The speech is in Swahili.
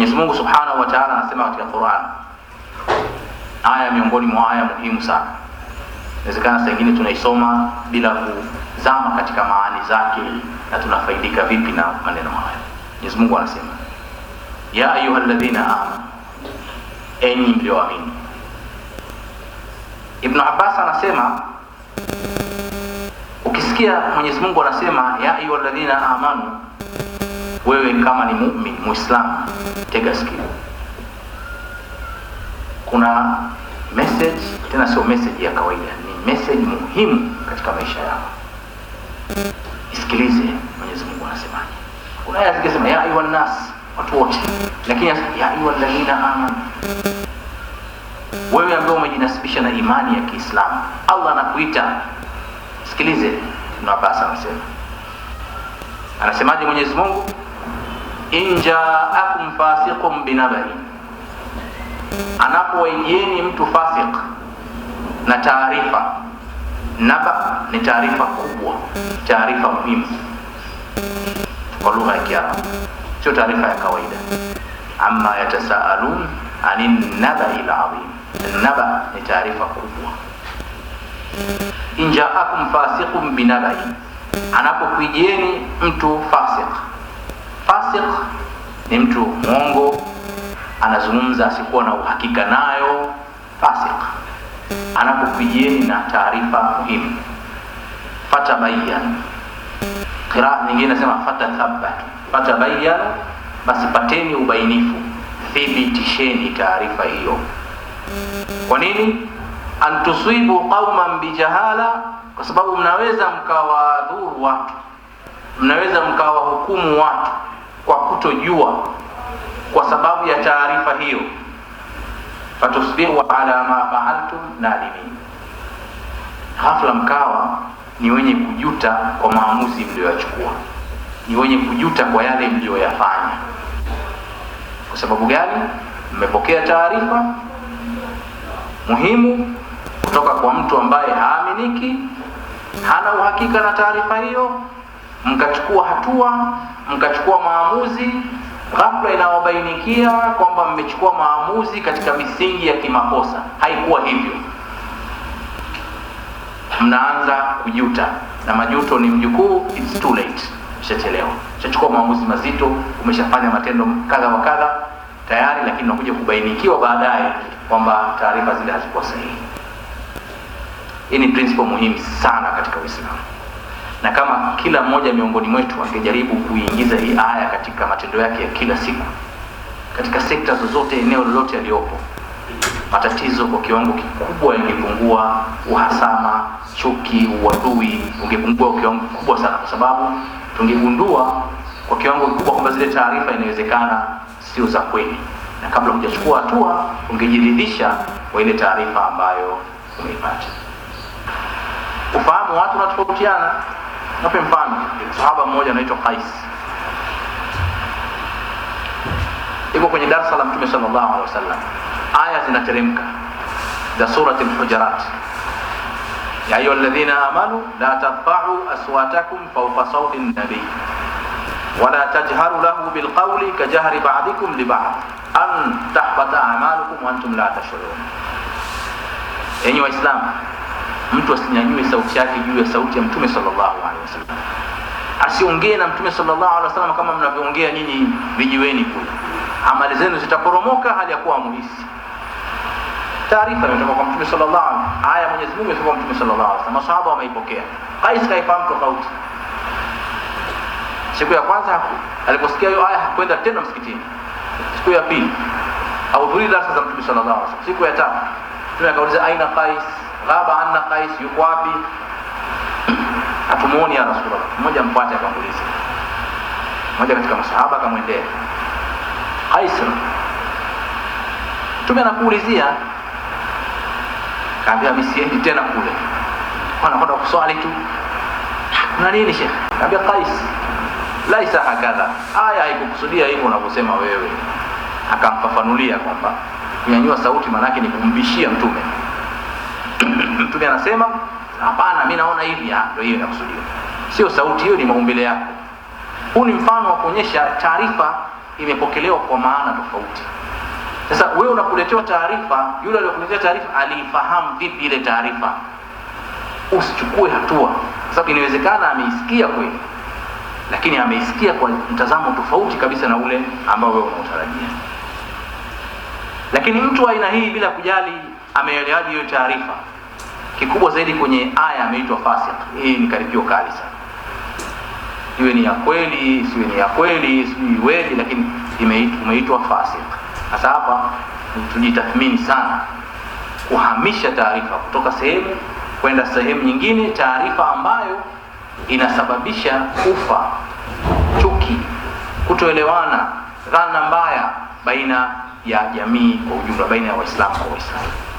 Mwenyezi Mungu Subhanahu wa Ta'ala anasema katika Qur'an, aya miongoni mwa aya muhimu sana, inawezekana saa nyingine tunaisoma bila kuzama katika maani zake na tunafaidika vipi na maneno haya. Mwenyezi Mungu anasema ya ayyuhalladhina amanu, enyi mlioamini. Ibn Abbas anasema ukisikia Mwenyezi Mungu anasema ya ayyuhalladhina amanu wewe kama ni muumini Muislamu, tega sikio, kuna message, tena sio message ya kawaida, ni message muhimu katika maisha yako. Isikilize Mwenyezi Mungu anasemaje. Unaweza kusema ya ayuha nas, watu wote, lakini ya ayuha alladhina amanu wewe ambaye umejinasibisha na imani ya Kiislamu, Allah anakuita sikilize. Ibn Abbas anasema, anasemaje Mwenyezi Mungu? in jaakum fasiqun binabai, anapowaingieni mtu fasiq na taarifa. Naba ni taarifa kubwa, taarifa muhimu kwa lugha ya Kiarabu, sio taarifa ya kawaida. Amma yatasaalun anin nabai ladhim, naba ni taarifa kubwa. In jaakum fasiqun binabai, anapokuijieni mtu fasiq fasik ni mtu mwongo, anazungumza asikuwa na uhakika nayo, fasik. Anapokujieni na taarifa muhimu, fatabayan Qiraa nyingine nasema fatathabatu, fatabayanu, basi pateni ubainifu, thibitisheni taarifa hiyo. Kwa nini? antusibu qauman bijahala, kwa sababu mnaweza mkawadhuru watu, mnaweza mkawahukumu watu kwa kutojua kwa sababu ya taarifa hiyo, fatusbihu ala ma faaltum nadimin, ghafla mkawa ni wenye kujuta kwa maamuzi mliyoyachukua ni wenye kujuta kwa yale mliyoyafanya. Kwa sababu gani? Mmepokea taarifa muhimu kutoka kwa mtu ambaye haaminiki, hana uhakika na taarifa hiyo, mkachuku mkachukua hatua, mkachukua maamuzi, ghafla inawabainikia kwamba mmechukua maamuzi katika misingi ya kimakosa. Haikuwa hivyo, mnaanza kujuta, na majuto ni mjukuu, it's too late, mshachelewa, mshachukua maamuzi mazito, umeshafanya matendo kadha wa kadha tayari, lakini unakuja kubainikiwa baadaye kwamba taarifa zile hazikuwa sahihi. Hii ni principle muhimu sana katika Uislamu na kama kila mmoja miongoni mwetu angejaribu kuiingiza hii aya katika matendo yake ya kila siku, katika sekta zozote, eneo lolote aliyopo, matatizo kwa kiwango kikubwa yangepungua, uhasama, chuki, uadui ungepungua kwa kiwango kikubwa sana, kwa sababu tungegundua kwa kiwango kikubwa kwamba zile taarifa inawezekana sio za kweli, na kabla hujachukua hatua ungejiridhisha kwa ile taarifa ambayo umeipata. Ufahamu watu wanatofautiana Nape mfano sahaba mmoja anaitwa Qais, iko kwenye darsa la Mtume sallallahu alaihi wasallam, aya zinateremka za surati al ya ayyuha alladhina amanu la tarfa'u aswatakum fawqa sawti an-nabiy ولا تجهروا له بالقول كجهر بعضكم لبعض أن تحبط أعمالكم وأنتم لا تشعرون. أيها الإسلام mtu asinyanyue sauti yake juu ya sauti ya Mtume sallallahu alaihi wasallam, asiongee na Mtume sallallahu alaihi wasallam kama mnavyoongea nyinyi vijiweni kule, amali zenu zitaporomoka hali ya kuwa muhisi. Taarifa imetoka kwa Mtume sallallahu alaihi wasallam, aya Mwenyezi Mungu imetoka kwa Mtume sallallahu alaihi wasallam, masahaba wameipokea. Qais kaifahamu tofauti. Siku ya kwanza aliposikia hiyo aya hakwenda tena msikitini. Siku ya pili ahudhuria darasa za Mtume sallallahu alaihi wasallam. Siku ya tatu Mtume akauliza aina Qais Ghaba anna Qais yuko wapi? Hatumuoni ya Rasulullah. Mmoja mpate akamuuliza, mmoja katika masahaba akamwendea Qais, Mtume anakuulizia. Kaambia mimi siendi tena kule, anakwenda kuswali tu. Kuna nini shekhe? Kaambia Qais, laisa hakadha, aya haikukusudia hivyo unavyosema wewe. Akamfafanulia kwamba kunyanyua sauti manake ni kumbishia Mtume Mtume anasema hapana, mi naona hivi. Ndio hiyo inakusudiwa, sio sauti hiyo, ni maumbile yako. Huu ni mfano wa kuonyesha taarifa imepokelewa kwa maana tofauti. Sasa wewe unakuletewa taarifa, yule aliyokuletea taarifa aliifahamu vipi ile taarifa? Usichukue hatua, sababu inawezekana ameisikia kweli, lakini ameisikia kwa mtazamo tofauti kabisa na ule ambao wewe unautarajia. Lakini mtu aina hii bila kujali ameelewaje hiyo taarifa kikubwa zaidi kwenye aya ameitwa fasik. Hii ni karipio kali sana, iwe ni ya kweli siwe ni ya kweli sijui iweje, lakini umeitwa fasik. Sasa hapa tujitathmini sana, kuhamisha taarifa kutoka sehemu kwenda sehemu nyingine, taarifa ambayo inasababisha kufa, chuki, kutoelewana, dhana mbaya baina ya jamii kwa ujumla, baina ya Waislamu kwa Waislamu.